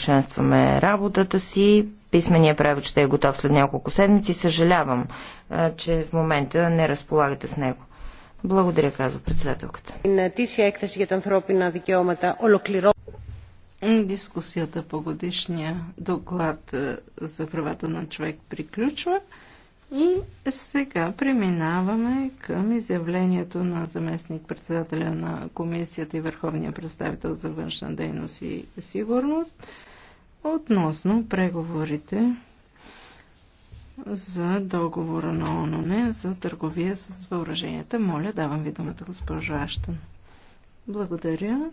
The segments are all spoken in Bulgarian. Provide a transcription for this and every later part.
усъвършенстваме работата си. Писменият превод ще е готов след няколко седмици. Съжалявам, че в момента не разполагате с него. Благодаря, казва председателката. Дискусията по годишния доклад за правата на човек приключва. И сега преминаваме към изявлението на заместник председателя на комисията и върховния представител за външна дейност и сигурност относно преговорите за договора на ООН за търговия с въоръженията. Моля, давам ви думата, госпожо Аштан. Благодаря.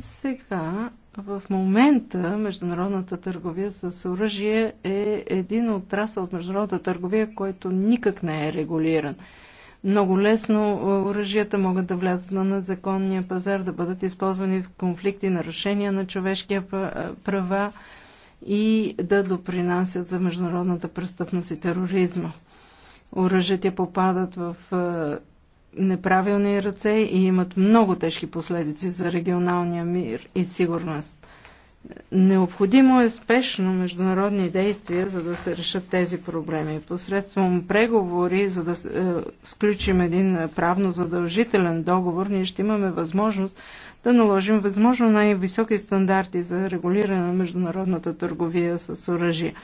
Сега, в момента, международната търговия с оръжие е един отрасъл от международната търговия, който никак не е регулиран. Много лесно оръжията могат да влязат на незаконния пазар, да бъдат използвани в конфликти, нарушения на човешкия права и да допринасят за международната престъпност и тероризма. Оръжията попадат в неправилни ръце и имат много тежки последици за регионалния мир и сигурност. Необходимо е спешно международни действия, за да се решат тези проблеми. Посредством преговори, за да е, сключим един правно задължителен договор, ние ще имаме възможност да наложим възможно най-високи стандарти за регулиране на международната търговия с оръжие.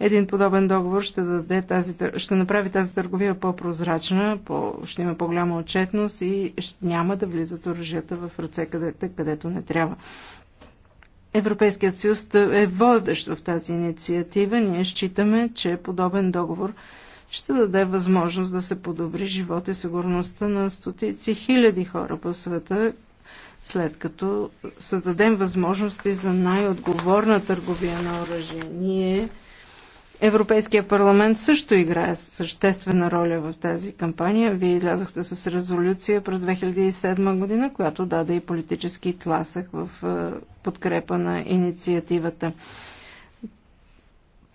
Един подобен договор ще, даде тази, ще направи тази търговия по-прозрачна, по, ще има по-голяма отчетност и ще, няма да влизат оръжията в ръце, къде, където не трябва. Европейският съюз е водещ в тази инициатива. Ние считаме, че подобен договор ще даде възможност да се подобри живот и сигурността на стотици хиляди хора по света, след като създадем възможности за най-отговорна търговия на оръжие. Ние Европейския парламент също играе съществена роля в тази кампания. Вие излязохте с резолюция през 2007 година, която даде и политически тласък в е, подкрепа на инициативата.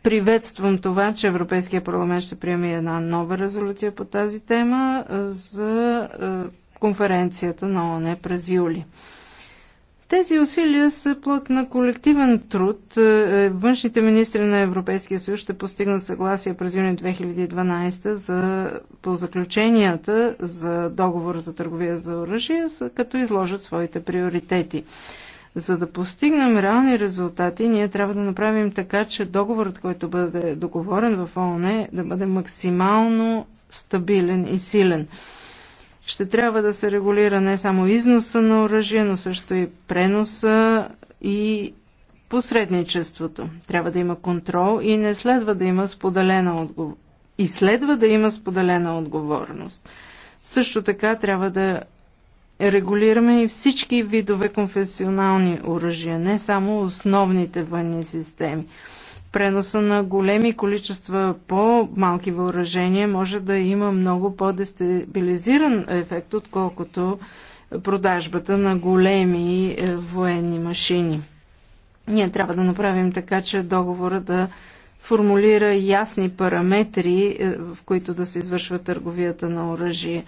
Приветствам това, че Европейския парламент ще приеме една нова резолюция по тази тема е, за е, конференцията на ОНЕ през юли. Тези усилия са плод на колективен труд. Е, външните министри на Европейския съюз ще постигнат съгласие през юни 2012 за, по заключенията за договор за търговия за оръжие, като изложат своите приоритети. За да постигнем реални резултати, ние трябва да направим така, че договорът, който бъде договорен в ООН, е да бъде максимално стабилен и силен. Ще трябва да се регулира не само износа на оръжие, но също и преноса и посредничеството. Трябва да има контрол и не следва да има споделена отговор... и следва да има споделена отговорност. Също така трябва да регулираме и всички видове конфесионални оръжия, не само основните военни системи преноса на големи количества по-малки въоръжения може да има много по-дестабилизиран ефект, отколкото продажбата на големи е, военни машини. Ние трябва да направим така, че договора да формулира ясни параметри, е, в които да се извършва търговията на оръжие,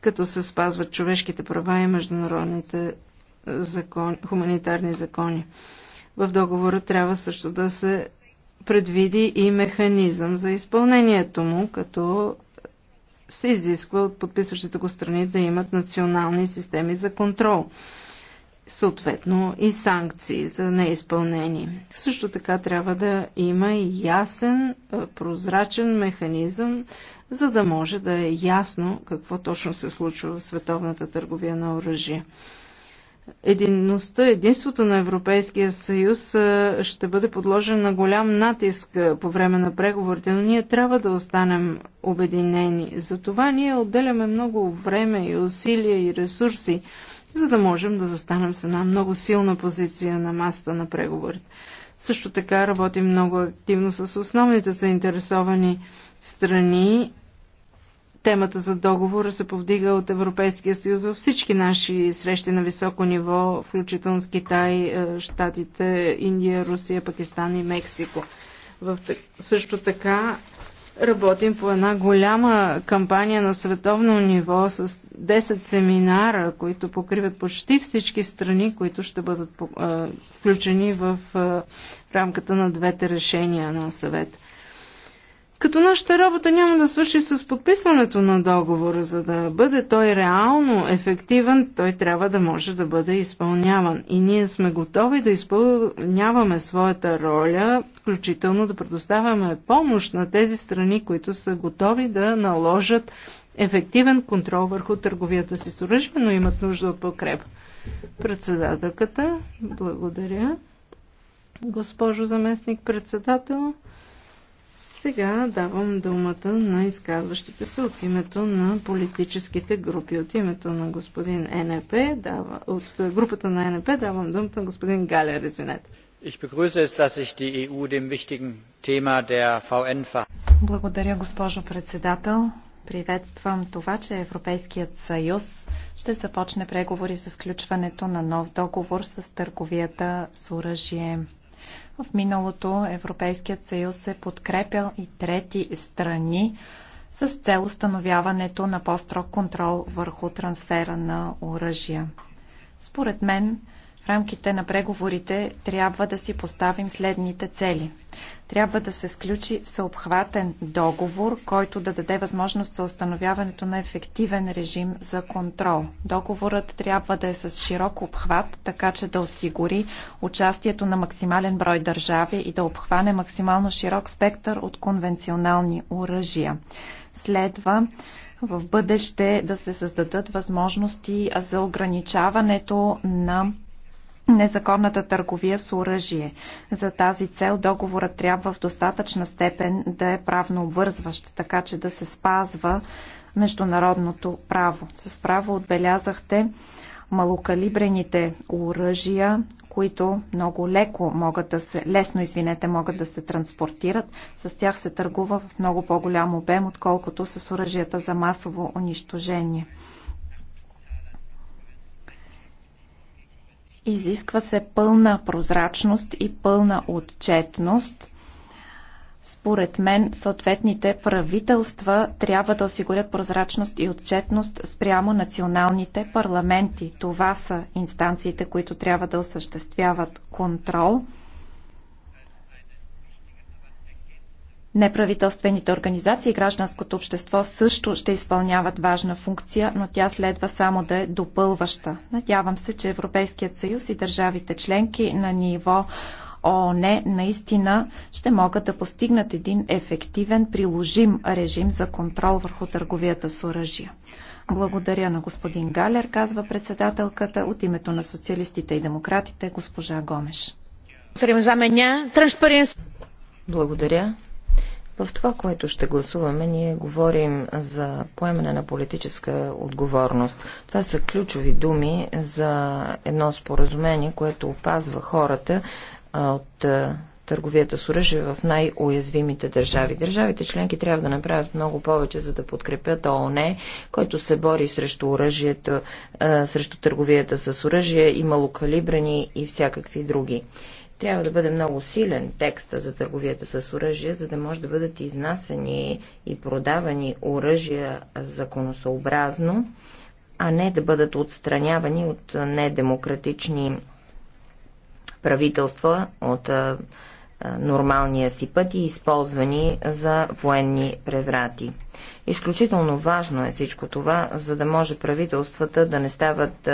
като се спазват човешките права и международните закон, хуманитарни закони. В договора трябва също да се предвиди и механизъм за изпълнението му, като се изисква от подписващите го страни да имат национални системи за контрол, съответно и санкции за неизпълнение. Също така трябва да има и ясен, прозрачен механизъм, за да може да е ясно какво точно се случва в световната търговия на оръжие единността, единството на Европейския съюз ще бъде подложен на голям натиск по време на преговорите, но ние трябва да останем обединени. Затова ние отделяме много време и усилия и ресурси, за да можем да застанем с една много силна позиция на маста на преговорите. Също така работим много активно с основните заинтересовани страни Темата за договора се повдига от Европейския съюз във всички наши срещи на високо ниво, включително с Китай, е, Штатите, Индия, Русия, Пакистан и Мексико. В, също така работим по една голяма кампания на световно ниво с 10 семинара, които покриват почти всички страни, които ще бъдат е, включени в е, рамката на двете решения на съвета. Като нашата работа няма да свърши с подписването на договора, за да бъде той реално ефективен, той трябва да може да бъде изпълняван. И ние сме готови да изпълняваме своята роля, включително да предоставяме помощ на тези страни, които са готови да наложат ефективен контрол върху търговията си с оръжие, но имат нужда от покреп. Председателката, благодаря. Госпожо заместник председател, сега давам думата на изказващите се от името на политическите групи. От името на господин НП, дава, от групата на НП давам думата на господин Галер, извинете. Ich begrüße es, dass ich die EU dem wichtigen Thema der VN Благодаря, госпожо председател. Приветствам това, че Европейският съюз ще започне преговори за сключването на нов договор с търговията с оръжие. В миналото Европейският съюз е подкрепял и трети страни с цел установяването на по-строг контрол върху трансфера на оръжия. Според мен, рамките на преговорите трябва да си поставим следните цели. Трябва да се сключи всеобхватен договор, който да даде възможност за установяването на ефективен режим за контрол. Договорът трябва да е с широк обхват, така че да осигури участието на максимален брой държави и да обхване максимално широк спектър от конвенционални оръжия. Следва в бъдеще да се създадат възможности за ограничаването на незаконната търговия с оръжие. За тази цел договорът трябва в достатъчна степен да е правно обвързващ, така че да се спазва международното право. С право отбелязахте малокалибрените оръжия, които много леко могат да се, лесно, извинете, могат да се транспортират. С тях се търгува в много по-голям обем, отколкото с оръжията за масово унищожение. Изисква се пълна прозрачност и пълна отчетност. Според мен, съответните правителства трябва да осигурят прозрачност и отчетност спрямо националните парламенти. Това са инстанциите, които трябва да осъществяват контрол. Неправителствените организации и гражданското общество също ще изпълняват важна функция, но тя следва само да е допълваща. Надявам се, че Европейският съюз и държавите членки на ниво ООН наистина ще могат да постигнат един ефективен, приложим режим за контрол върху търговията с оръжия. Благодаря на господин Галер, казва председателката от името на социалистите и демократите, госпожа Гомеш. Благодаря. В това, което ще гласуваме, ние говорим за поемане на политическа отговорност. Това са ключови думи за едно споразумение, което опазва хората от търговията с оръжие в най-уязвимите държави. Държавите членки трябва да направят много повече, за да подкрепят ООН, който се бори срещу оръжието, срещу търговията с оръжие и малокалибрани и всякакви други. Трябва да бъде много силен текста за търговията с оръжия, за да може да бъдат изнасени и продавани оръжия законосъобразно, а не да бъдат отстранявани от недемократични правителства, от нормалния си път и използвани за военни преврати. Изключително важно е всичко това, за да може правителствата да не стават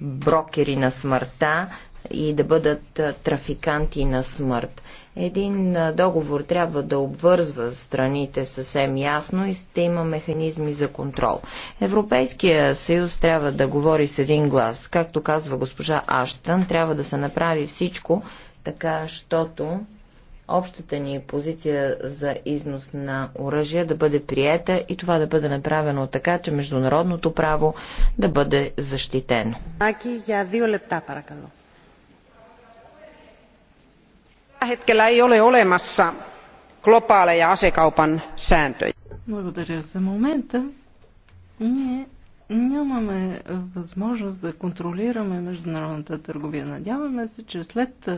брокери на смъртта, и да бъдат трафиканти на смърт. Един договор трябва да обвързва страните съвсем ясно и да има механизми за контрол. Европейския съюз трябва да говори с един глас. Както казва госпожа Аштън, трябва да се направи всичко така, щото общата ни позиция за износ на оръжие да бъде приета и това да бъде направено така, че международното право да бъде защитено. Аки, я лепта, паракало tällä hetkellä ei ole olemassa globaaleja asekaupan sääntöjä. Благодаря за момента. Ние нямаме възможност да контролираме международната търговия. Надяваме се, че след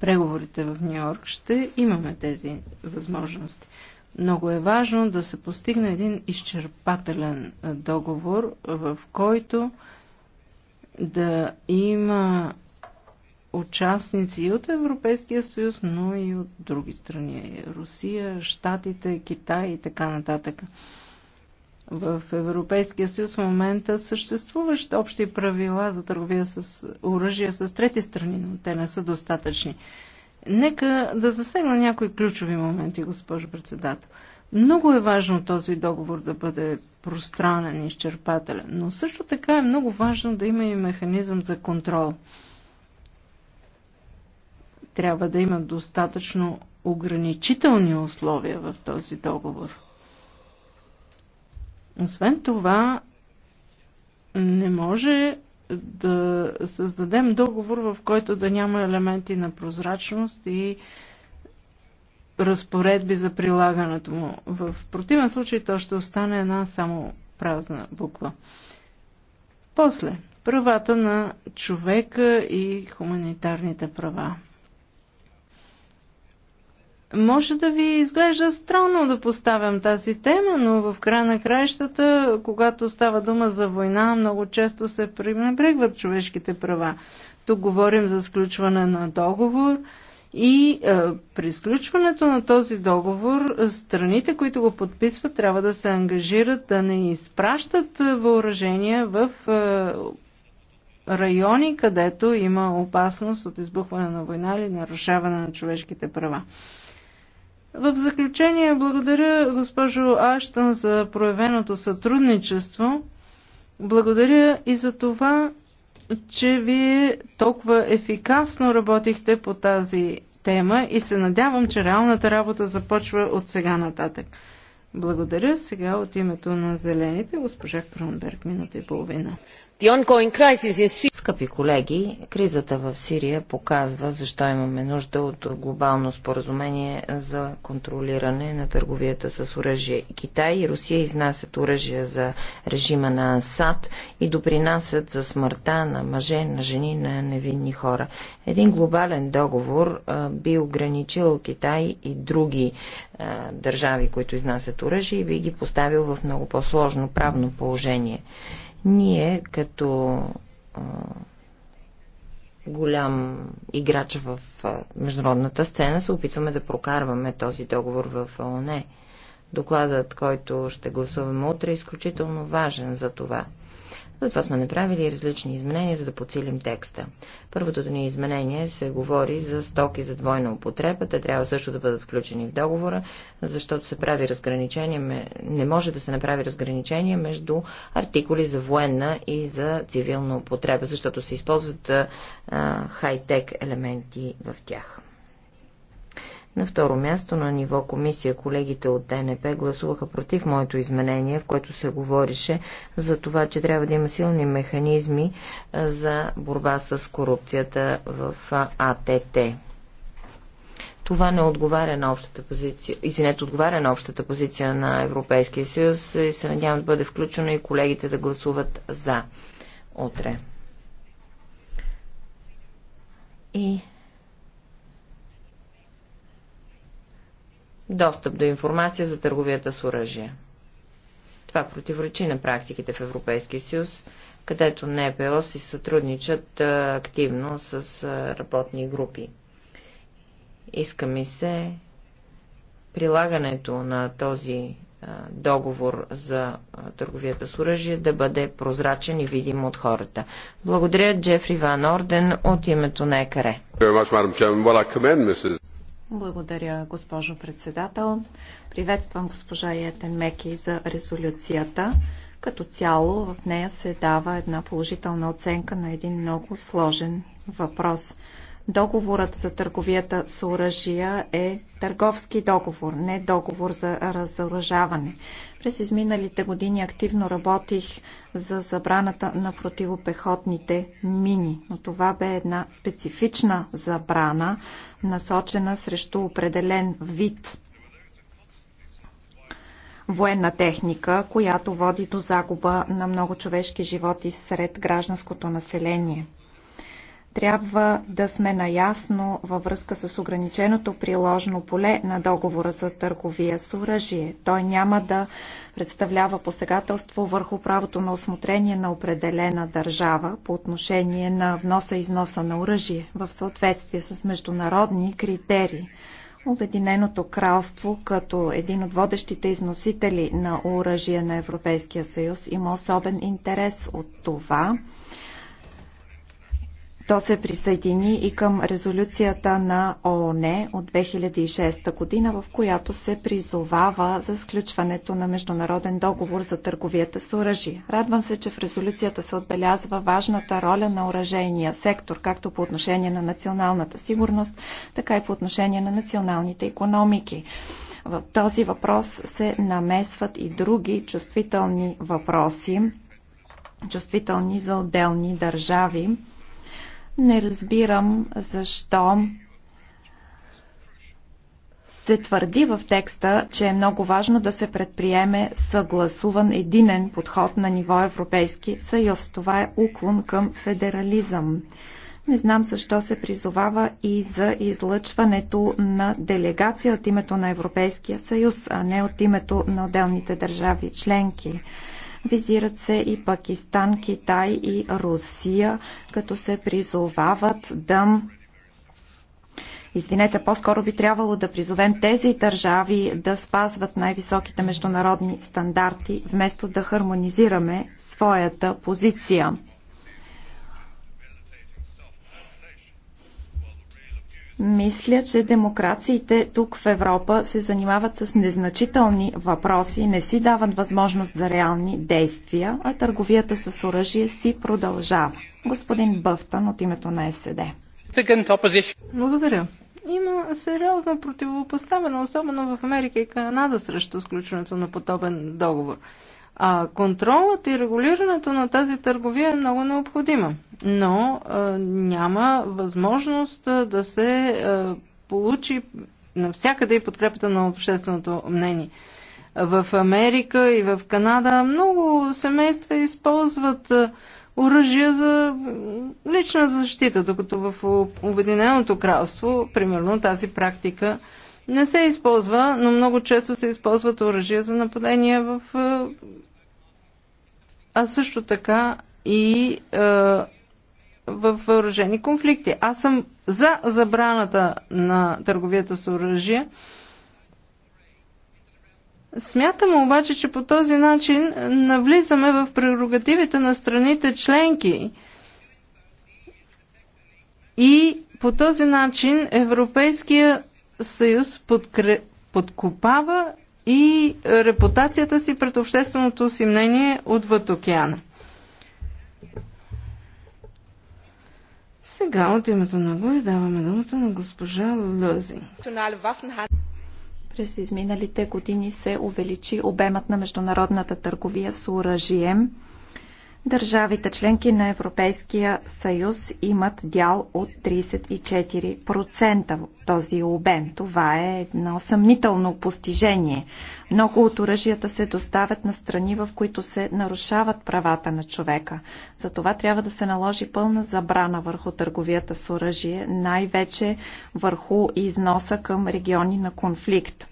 преговорите в Нью Йорк ще имаме тези възможности. Много е важно да се постигне един изчерпателен договор, в който да има участници и от Европейския съюз, но и от други страни. Русия, Штатите, Китай и така нататък. В Европейския съюз в момента съществуващи общи правила за търговия с оръжия с трети страни, но те не са достатъчни. Нека да засегна някои ключови моменти, госпожо председател. Много е важно този договор да бъде пространен и изчерпателен, но също така е много важно да има и механизъм за контрол. Трябва да има достатъчно ограничителни условия в този договор. Освен това, не може да създадем договор, в който да няма елементи на прозрачност и разпоредби за прилагането му. В противен случай то ще остане една само празна буква. После, правата на човека и хуманитарните права. Може да ви изглежда странно да поставям тази тема, но в края на краищата, когато става дума за война, много често се пренебрегват човешките права. Тук говорим за сключване на договор и е, при сключването на този договор страните, които го подписват, трябва да се ангажират да не изпращат въоръжения в е, райони, където има опасност от избухване на война или нарушаване на човешките права. В заключение, благодаря госпожо Аштън за проявеното сътрудничество. Благодаря и за това, че вие толкова ефикасно работихте по тази тема и се надявам, че реалната работа започва от сега нататък. Благодаря сега от името на Зелените, госпожа Кронберг, минута и половина. Скъпи колеги, кризата в Сирия показва защо имаме нужда от глобално споразумение за контролиране на търговията с оръжие. Китай и Русия изнасят оръжие за режима на Асад и допринасят за смъртта на мъже, на жени, на невинни хора. Един глобален договор би ограничил Китай и други държави, които изнасят оръжие и би ги поставил в много по-сложно правно положение. Ние като голям играч в международната сцена се опитваме да прокарваме този договор в ОНЕ, Докладът, който ще гласуваме утре, е изключително важен за това. Затова сме направили различни изменения, за да подсилим текста. Първото ни изменение се говори за стоки за двойна употреба. Те трябва също да бъдат включени в договора, защото се прави разграничение, не може да се направи разграничение между артикули за военна и за цивилна употреба, защото се използват хай-тек елементи в тях. На второ място на ниво комисия колегите от ДНП гласуваха против моето изменение, в което се говорише за това, че трябва да има силни механизми за борба с корупцията в АТТ. Това не отговаря на общата позиция, извинете, отговаря на общата позиция на Европейския съюз и се надявам да бъде включено и колегите да гласуват за утре. И достъп до информация за търговията с оръжие. Това противоречи на практиките в Европейския съюз, където НПО си сътрудничат активно с работни групи. Иска ми се прилагането на този договор за търговията с оръжие да бъде прозрачен и видим от хората. Благодаря Джефри Ван Орден от името на ЕКАРЕ. Благодаря, госпожо председател. Приветствам госпожа Йетен Меки за резолюцията. Като цяло в нея се дава една положителна оценка на един много сложен въпрос – Договорът за търговията с оръжия е търговски договор, не договор за разоръжаване. През изминалите години активно работих за забраната на противопехотните мини, но това бе една специфична забрана, насочена срещу определен вид военна техника, която води до загуба на много човешки животи сред гражданското население трябва да сме наясно във връзка с ограниченото приложно поле на договора за търговия с оръжие. Той няма да представлява посегателство върху правото на осмотрение на определена държава по отношение на вноса и износа на оръжие в съответствие с международни критерии. Обединеното кралство, като един от водещите износители на оръжие на Европейския съюз, има особен интерес от това – то се присъедини и към резолюцията на ООН от 2006 година, в която се призовава за сключването на международен договор за търговията с оръжие. Радвам се, че в резолюцията се отбелязва важната роля на оръжейния сектор, както по отношение на националната сигурност, така и по отношение на националните економики. В този въпрос се намесват и други чувствителни въпроси, чувствителни за отделни държави не разбирам защо се твърди в текста, че е много важно да се предприеме съгласуван единен подход на ниво Европейски съюз. Това е уклон към федерализъм. Не знам защо се призовава и за излъчването на делегация от името на Европейския съюз, а не от името на отделните държави членки. Визират се и Пакистан, Китай и Русия, като се призовават да Извинете, по-скоро би трябвало да призовем тези държави да спазват най-високите международни стандарти, вместо да хармонизираме своята позиция. Мисля, че демокрациите тук в Европа се занимават с незначителни въпроси, не си дават възможност за реални действия, а търговията с оръжие си продължава. Господин Бъфтън от името на СД. Благодаря. Има сериозно противопоставено, особено в Америка и Канада, срещу сключването на подобен договор. А контролът и регулирането на тази търговия е много необходима, но а, няма възможност а, да се а, получи навсякъде и подкрепата на общественото мнение. В Америка и в Канада много семейства използват оръжия за лична защита, докато в Обединеното кралство, примерно, тази практика не се използва, но много често се използват оръжия за нападения в а също така и е, в въоръжени конфликти. Аз съм за забраната на търговията с оръжие. Смятам обаче, че по този начин навлизаме в прерогативите на страните членки и по този начин Европейския съюз подкре... подкопава и репутацията си пред общественото си мнение отвъд океана. Сега от името на Гуе даваме думата на госпожа Лозинг. През изминалите години се увеличи обемът на международната търговия с оръжием. Държавите членки на Европейския съюз имат дял от 34% в този обем. Това е едно съмнително постижение. Много от оръжията се доставят на страни, в които се нарушават правата на човека. Затова трябва да се наложи пълна забрана върху търговията с оръжие, най-вече върху износа към региони на конфликт.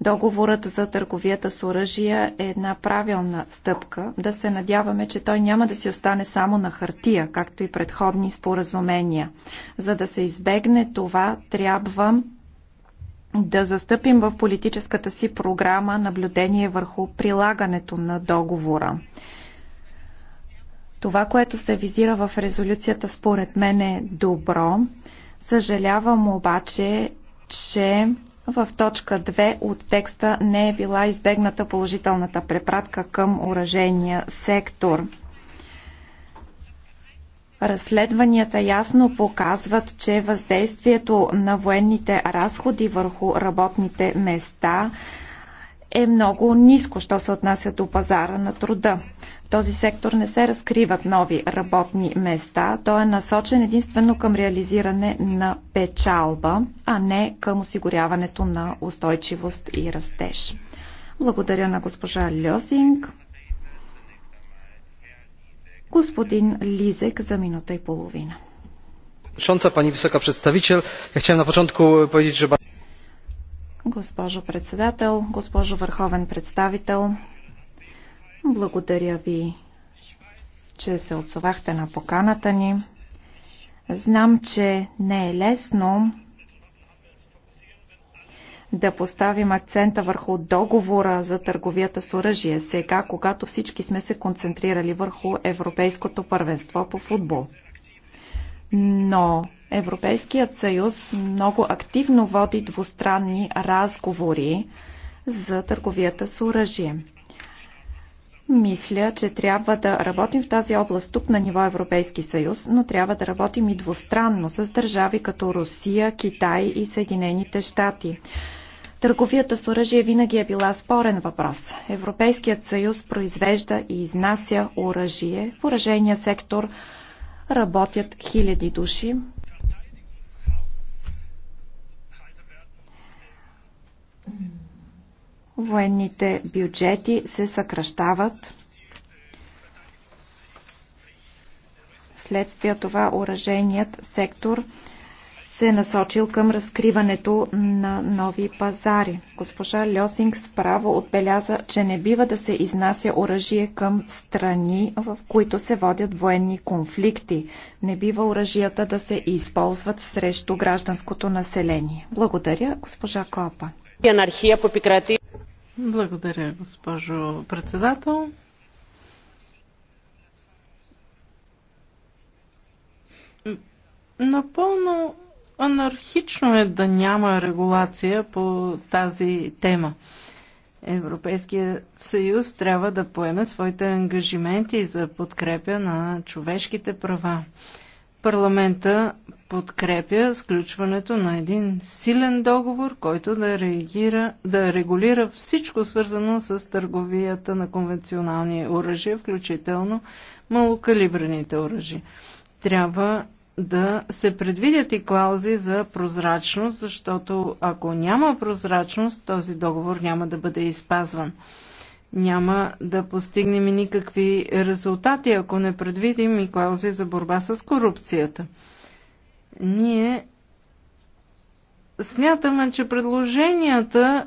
Договорът за търговията с оръжия е една правилна стъпка. Да се надяваме, че той няма да си остане само на хартия, както и предходни споразумения. За да се избегне това, трябва да застъпим в политическата си програма наблюдение върху прилагането на договора. Това, което се визира в резолюцията, според мен е добро. Съжалявам обаче, че в точка 2 от текста не е била избегната положителната препратка към уражения сектор. Разследванията ясно показват, че въздействието на военните разходи върху работните места е много ниско, що се отнася до пазара на труда. В този сектор не се разкриват нови работни места. Той е насочен единствено към реализиране на печалба, а не към осигуряването на устойчивост и растеж. Благодаря на госпожа Льосинг. Господин Лизек за минута и половина. пани висока представител, я chciałem на początku поедить, że Госпожо председател, госпожо върховен представител, благодаря ви, че се отзовахте на поканата ни. Знам, че не е лесно да поставим акцента върху договора за търговията с оръжие сега, когато всички сме се концентрирали върху Европейското първенство по футбол. Но Европейският съюз много активно води двустранни разговори за търговията с оръжие. Мисля, че трябва да работим в тази област тук на ниво Европейски съюз, но трябва да работим и двустранно с държави като Русия, Китай и Съединените щати. Търговията с оръжие винаги е била спорен въпрос. Европейският съюз произвежда и изнася оръжие. В оръжения сектор работят хиляди души. Mm. Военните бюджети се съкръщават. Вследствие това оръжейният сектор се е насочил към разкриването на нови пазари. Госпожа Льосинг справо отбеляза, че не бива да се изнася оръжие към страни, в които се водят военни конфликти. Не бива оръжията да се използват срещу гражданското население. Благодаря, госпожа Копа. Благодаря, госпожо председател. Напълно анархично е да няма регулация по тази тема. Европейският съюз трябва да поеме своите ангажименти за подкрепя на човешките права. Парламента подкрепя сключването на един силен договор, който да, реагира, да регулира всичко свързано с търговията на конвенционални оръжия, включително малокалибрените оръжия. Трябва да се предвидят и клаузи за прозрачност, защото ако няма прозрачност, този договор няма да бъде изпазван няма да постигнем никакви резултати, ако не предвидим и клаузи за борба с корупцията. Ние смятаме, че предложенията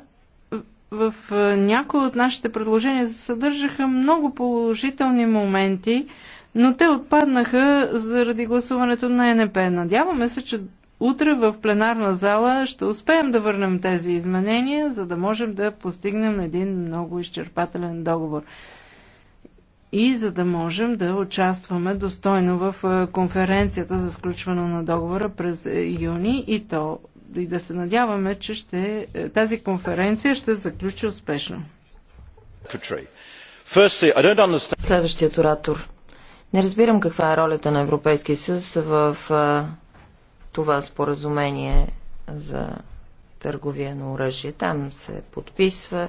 в някои от нашите предложения се съдържаха много положителни моменти, но те отпаднаха заради гласуването на НП. Надяваме се, че утре в пленарна зала ще успеем да върнем тези изменения, за да можем да постигнем един много изчерпателен договор. И за да можем да участваме достойно в конференцията за сключване на договора през юни и то и да се надяваме, че ще, тази конференция ще заключи успешно. Следващият оратор. Не разбирам каква е ролята на Европейския съюз в това споразумение за търговия на оръжие. Там се подписва.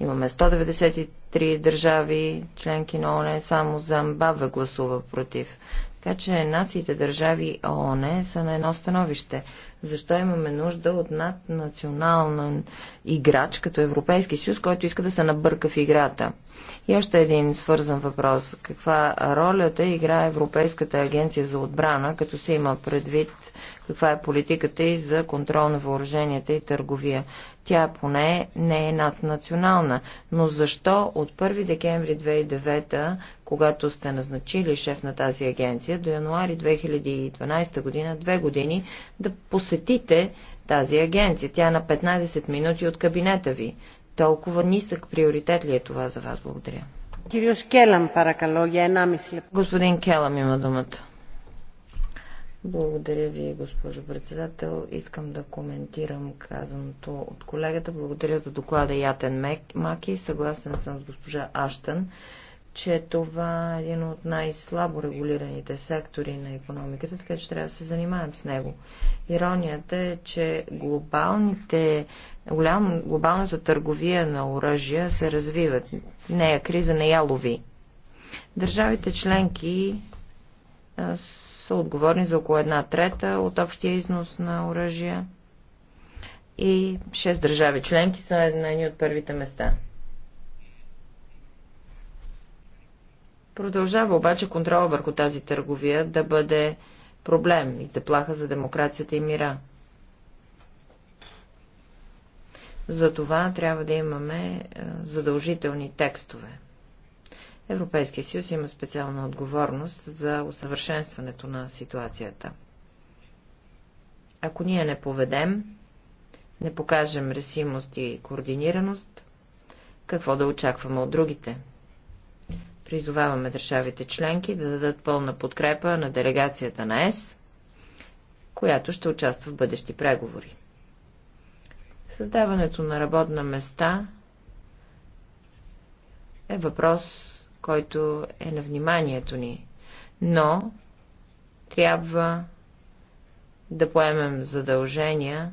Имаме 193 държави, членки на ОНЕ, само Замбабве гласува против. Така че нациите държави ООН са на едно становище. Защо имаме нужда от наднационална играч, като Европейски съюз, който иска да се набърка в играта? И още един свързан въпрос. Каква ролята играе Европейската агенция за отбрана, като се има предвид каква е политиката и за контрол на въоръженията и търговия. Тя поне не е наднационална. Но защо от 1 декември 2009, когато сте назначили шеф на тази агенция, до януари 2012 година, две години, да посетите тази агенция? Тя е на 15 минути от кабинета ви. Толкова нисък приоритет ли е това за вас? Благодаря. Господин Келам има думата. Благодаря ви, госпожо председател. Искам да коментирам казаното от колегата. Благодаря за доклада Ятен Маки. Съгласен съм с госпожа Аштън, че това е един от най-слабо регулираните сектори на економиката, така че трябва да се занимаем с него. Иронията е, че глобалните, голям, глобалната търговия на оръжия се развиват. Нея е криза не е я лови. Държавите членки са отговорни за около една трета от общия износ на оръжия и 6 държави членки са на едни от първите места. Продължава обаче контрола върху тази търговия да бъде проблем и заплаха за демокрацията и мира. За това трябва да имаме е, задължителни текстове. Европейския съюз има специална отговорност за усъвършенстването на ситуацията. Ако ние не поведем, не покажем ресимост и координираност, какво да очакваме от другите? Призоваваме държавите членки да дадат пълна подкрепа на делегацията на ЕС, която ще участва в бъдещи преговори. Създаването на работна места е въпрос който е на вниманието ни. Но трябва да поемем задължения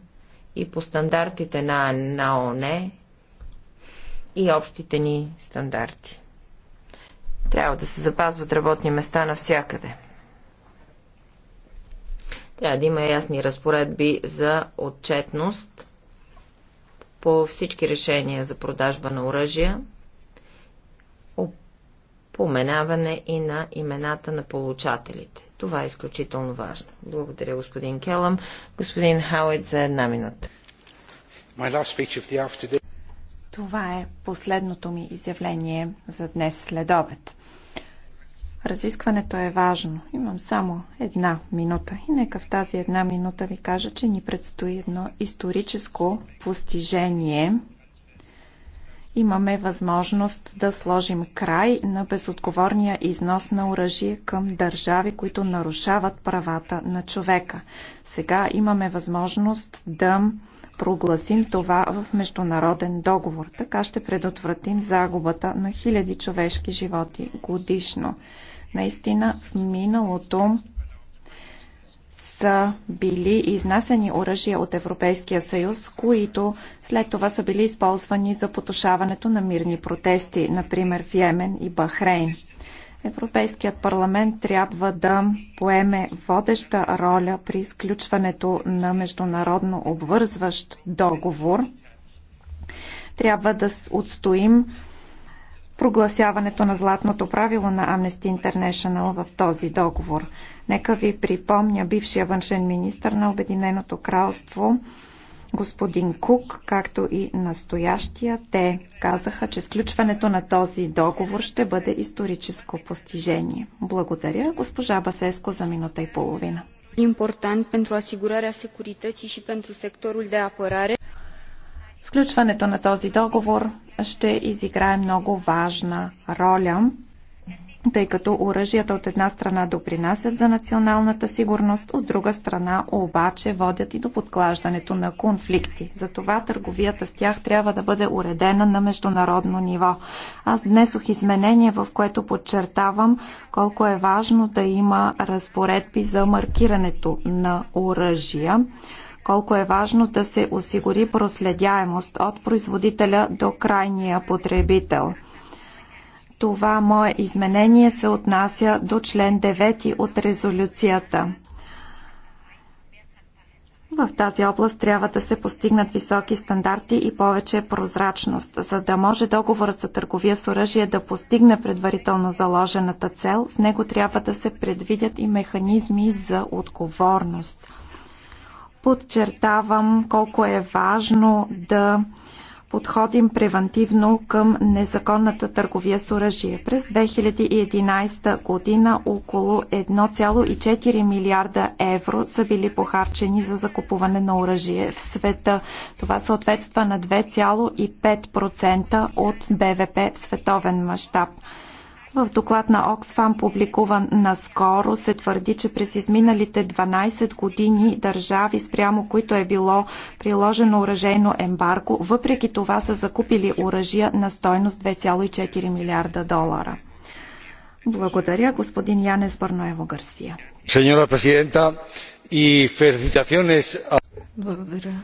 и по стандартите на, на ОНЕ и общите ни стандарти. Трябва да се запазват работни места навсякъде. Трябва да има ясни разпоредби за отчетност по всички решения за продажба на оръжия поменаване и на имената на получателите. Това е изключително важно. Благодаря, господин Келъм. Господин Хауит за една минута. Това е последното ми изявление за днес след обед. Разискването е важно. Имам само една минута и нека в тази една минута ви кажа, че ни предстои едно историческо постижение – имаме възможност да сложим край на безотговорния износ на оръжие към държави, които нарушават правата на човека. Сега имаме възможност да прогласим това в международен договор. Така ще предотвратим загубата на хиляди човешки животи годишно. Наистина в миналото са били изнасяни оръжия от Европейския съюз, които след това са били използвани за потушаването на мирни протести, например в Йемен и Бахрейн. Европейският парламент трябва да поеме водеща роля при изключването на международно обвързващ договор. Трябва да отстоим прогласяването на златното правило на Amnesty International в този договор. Нека ви припомня бившия външен министр на Обединеното кралство господин Кук, както и настоящия, те казаха, че сключването на този договор ще бъде историческо постижение. Благодаря, госпожа Басеско, за минута и половина. Important pentru asigurarea securității și pentru sectorul de apărare Сключването на този договор ще изиграе много важна роля, тъй като оръжията от една страна допринасят за националната сигурност, от друга страна обаче водят и до подклаждането на конфликти. Затова търговията с тях трябва да бъде уредена на международно ниво. Аз внесох изменение, в което подчертавам колко е важно да има разпоредби за маркирането на оръжия колко е важно да се осигури проследяемост от производителя до крайния потребител. Това мое изменение се отнася до член 9 от резолюцията. В тази област трябва да се постигнат високи стандарти и повече прозрачност, за да може договорът за търговия с оръжие да постигне предварително заложената цел. В него трябва да се предвидят и механизми за отговорност. Подчертавам колко е важно да подходим превантивно към незаконната търговия с оръжие. През 2011 година около 1,4 милиарда евро са били похарчени за закупуване на оръжие в света. Това съответства на 2,5% от БВП в световен мащаб. В доклад на Оксфам, публикуван наскоро, се твърди, че през изминалите 12 години държави, спрямо които е било приложено оръжейно ембарго, въпреки това са закупили оръжия на стойност 2,4 милиарда долара. Благодаря, господин Янес Барноево Гарсия. Сеньора президента, и felicitaciones Благодаря,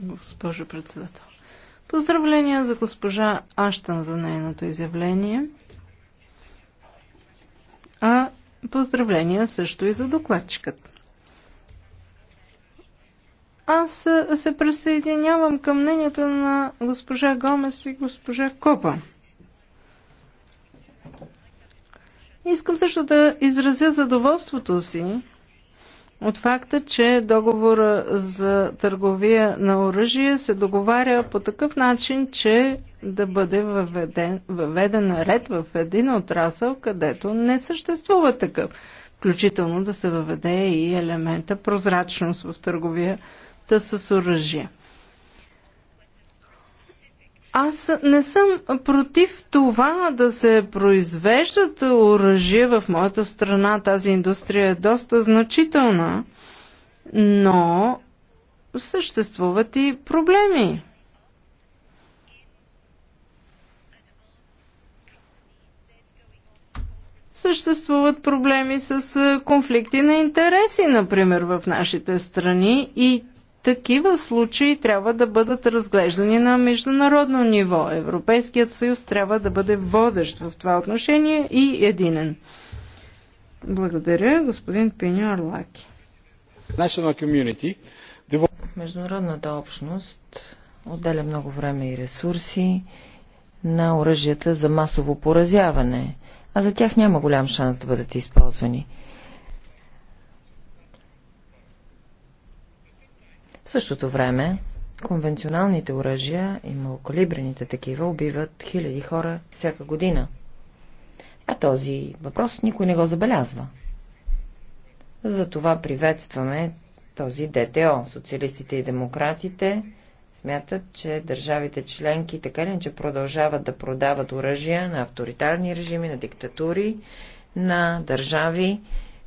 госпожо председател. Поздравления за госпожа Аштан за нейното изявление. А поздравления също и за докладчикът. Аз се присъединявам към мненията на госпожа Гомес и госпожа Копа. Искам също да изразя задоволството си, от факта, че договора за търговия на оръжие се договаря по такъв начин, че да бъде въведен, въведен ред в един отрасъл, където не съществува такъв. Включително да се въведе и елемента прозрачност в търговията с оръжие. Аз не съм против това да се произвеждат оръжия в моята страна. Тази индустрия е доста значителна, но съществуват и проблеми. Съществуват проблеми с конфликти на интереси, например, в нашите страни и такива случаи трябва да бъдат разглеждани на международно ниво. Европейският съюз трябва да бъде водещ в това отношение и единен. Благодаря, господин Пиньо Арлаки. Международната общност отделя много време и ресурси на оръжията за масово поразяване, а за тях няма голям шанс да бъдат използвани – В същото време, конвенционалните оръжия и малокалибрените такива убиват хиляди хора всяка година. А този въпрос никой не го забелязва. Затова приветстваме този ДТО. Социалистите и демократите смятат, че държавите членки така ли, че продължават да продават оръжия на авторитарни режими, на диктатури, на държави,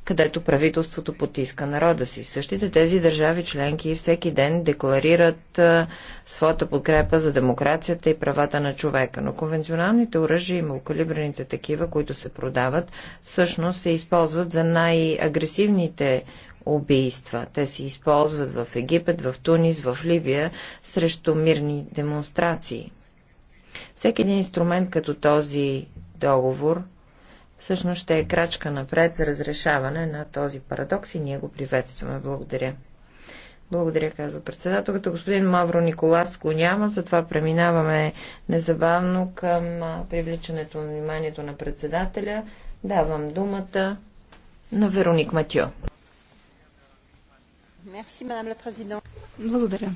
където правителството потиска народа си. Същите тези държави членки всеки ден декларират а, своята подкрепа за демокрацията и правата на човека. Но конвенционалните оръжия и малкалибрените такива, които се продават, всъщност се използват за най-агресивните убийства. Те се използват в Египет, в Тунис, в Либия срещу мирни демонстрации. Всеки един инструмент като този договор всъщност ще е крачка напред за разрешаване на този парадокс и ние го приветстваме. Благодаря. Благодаря, казва председателката. Господин Мавро Николас го няма, затова преминаваме незабавно към привличането на вниманието на председателя. Давам думата на Вероник Матио. Благодаря.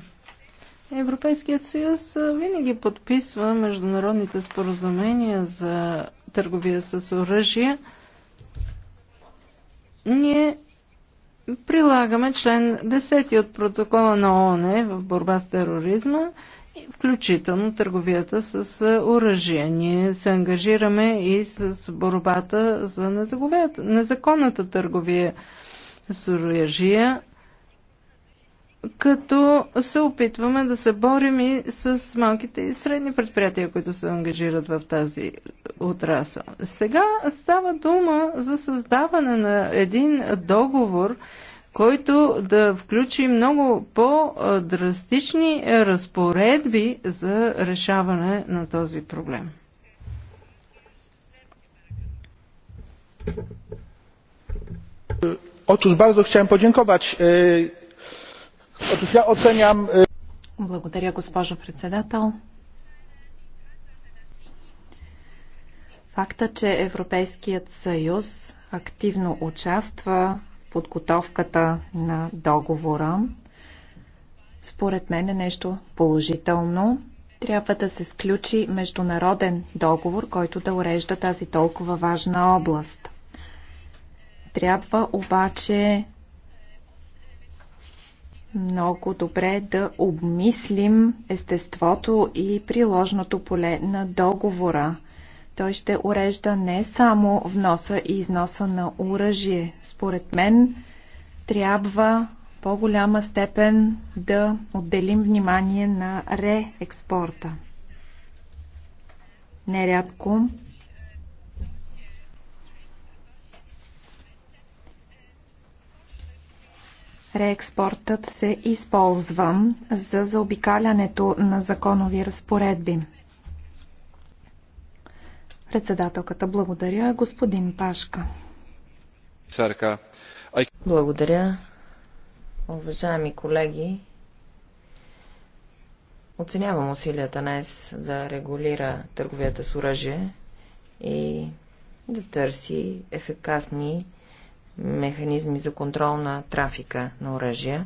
Европейският съюз винаги подписва международните споразумения за търговия с оръжия, ние прилагаме член 10 от протокола на ООН в борба с тероризма, включително търговията с оръжие. Ние се ангажираме и с борбата за незаконната търговия с оръжия като се опитваме да се борим и с малките и средни предприятия, които се ангажират в тази отрасъл. Сега става дума за създаване на един договор, който да включи много по-драстични разпоредби за решаване на този проблем. Otóż bardzo chciałem podziękować e, благодаря, госпожо председател. Факта, че Европейският съюз активно участва в подготовката на договора, според мен е нещо положително. Трябва да се сключи международен договор, който да урежда тази толкова важна област. Трябва обаче много добре да обмислим естеството и приложното поле на договора. Той ще урежда не само вноса и износа на оръжие. Според мен трябва по-голяма степен да отделим внимание на реекспорта. Нерядко реекспортът се използва за заобикалянето на законови разпоредби. Председателката благодаря, господин Пашка. Благодаря, уважаеми колеги. Оценявам усилията днес да регулира търговията с оръжие и да търси ефикасни механизми за контрол на трафика на оръжия,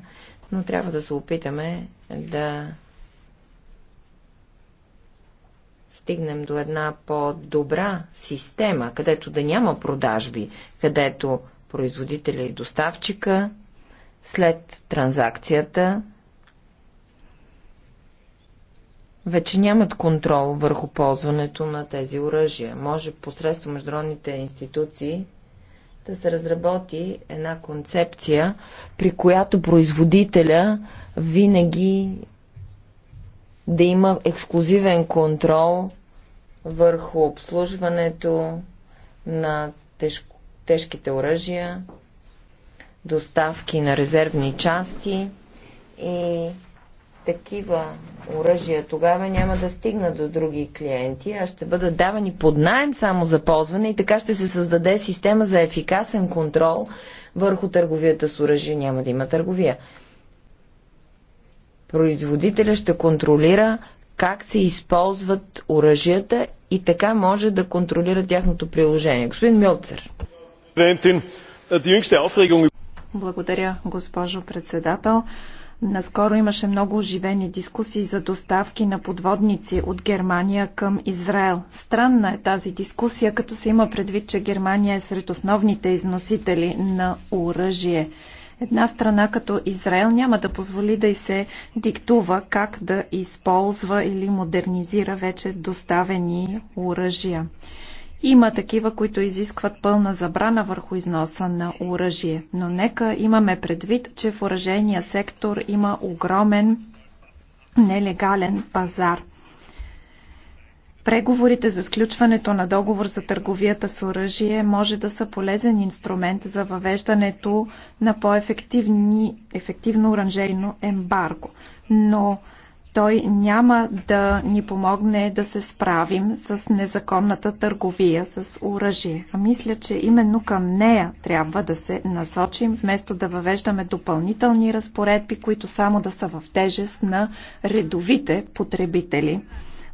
но трябва да се опитаме да стигнем до една по-добра система, където да няма продажби, където производителя и доставчика след транзакцията вече нямат контрол върху ползването на тези оръжия. Може посредством международните институции да се разработи една концепция, при която производителя винаги да има ексклюзивен контрол върху обслужването на теж... тежките оръжия, доставки на резервни части и такива оръжия, тогава няма да стигна до други клиенти, а ще бъдат давани под найем само за ползване и така ще се създаде система за ефикасен контрол върху търговията с оръжие. Няма да има търговия. Производителя ще контролира как се използват оръжията и така може да контролира тяхното приложение. Господин Милцер. Е, Благодаря, госпожо председател. Наскоро имаше много оживени дискусии за доставки на подводници от Германия към Израел. Странна е тази дискусия, като се има предвид, че Германия е сред основните износители на оръжие. Една страна като Израел няма да позволи да й се диктува как да използва или модернизира вече доставени оръжия. Има такива, които изискват пълна забрана върху износа на оръжие, но нека имаме предвид, че в оръжейния сектор има огромен нелегален пазар. Преговорите за сключването на договор за търговията с оръжие може да са полезен инструмент за въвеждането на по-ефективно оранжейно ембарго. Но той няма да ни помогне да се справим с незаконната търговия с оръжие. А мисля, че именно към нея трябва да се насочим, вместо да въвеждаме допълнителни разпоредби, които само да са в тежест на редовите потребители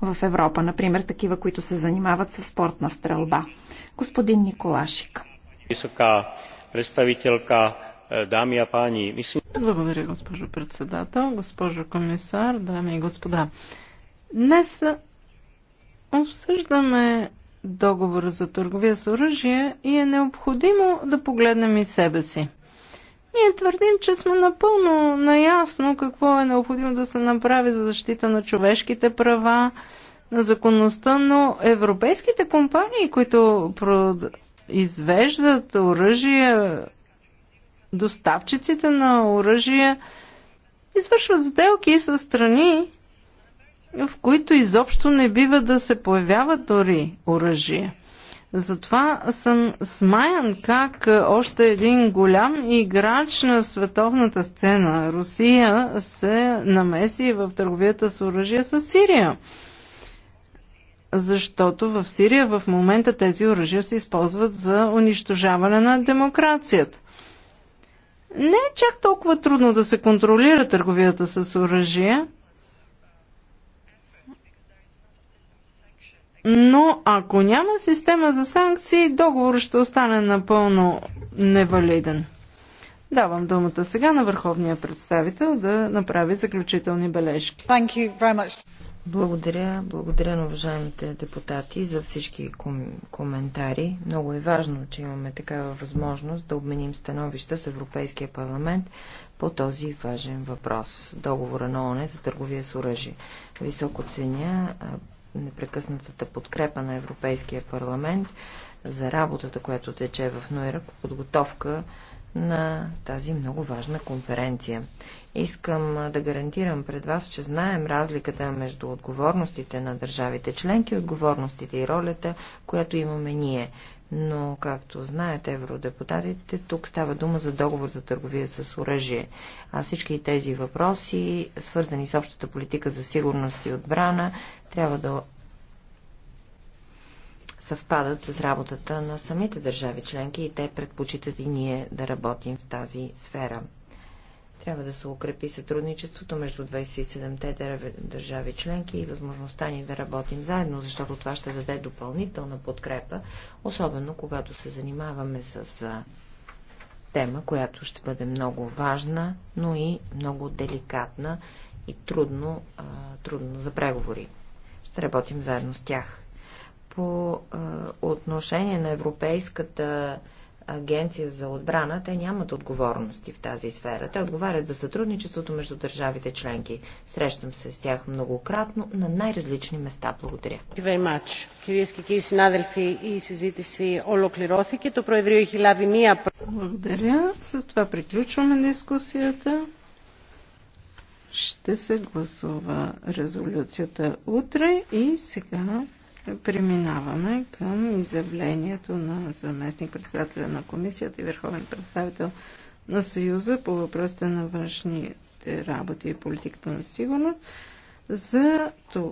в Европа, например такива, които се занимават с спортна стрелба. Господин Николашик. Висока представителка е, дами и пани. Благодаря, госпожо председател, госпожо комисар, дами и господа. Днес обсъждаме договор за търговия с оръжие и е необходимо да погледнем и себе си. Ние твърдим, че сме напълно наясно какво е необходимо да се направи за защита на човешките права, на законността, но европейските компании, които произвеждат оръжие, доставчиците на оръжия извършват сделки с страни, в които изобщо не бива да се появяват дори оръжия. Затова съм смаян как още един голям играч на световната сцена, Русия, се намеси в търговията с оръжие с Сирия. Защото в Сирия в момента тези оръжия се използват за унищожаване на демокрацията. Не е чак толкова трудно да се контролира търговията с оръжие, но ако няма система за санкции, договор ще остане напълно невалиден. Давам думата сега на върховния представител да направи заключителни бележки. Благодаря, благодаря на уважаемите депутати за всички ком- коментари. Много е важно, че имаме такава възможност да обменим становища с Европейския парламент по този важен въпрос. Договора на ОНЕ за търговия с оръжие. Високо ценя непрекъснатата подкрепа на Европейския парламент за работата, която тече в Нойра по подготовка на тази много важна конференция. Искам да гарантирам пред вас, че знаем разликата между отговорностите на държавите членки, отговорностите и ролята, която имаме ние. Но, както знаете, евродепутатите, тук става дума за договор за търговия с оръжие. А всички тези въпроси, свързани с общата политика за сигурност и отбрана, трябва да съвпадат с работата на самите държави членки и те предпочитат и ние да работим в тази сфера. Трябва да се укрепи сътрудничеството между 27-те държави членки и възможността ни да работим заедно, защото това ще даде допълнителна подкрепа, особено когато се занимаваме с тема, която ще бъде много важна, но и много деликатна и трудно, трудно за преговори. Ще работим заедно с тях. По отношение на европейската агенция за отбрана, те нямат отговорности в тази сфера. Те отговарят за сътрудничеството между държавите членки. Срещам се с тях многократно на най-различни места. Благодаря. Благодаря. С това приключваме дискусията. Ще се гласува резолюцията утре и сега Преминаваме към изявлението на заместник-председателя на комисията и върховен представител на Съюза по въпросите на външните работи и политиката на сигурност за това.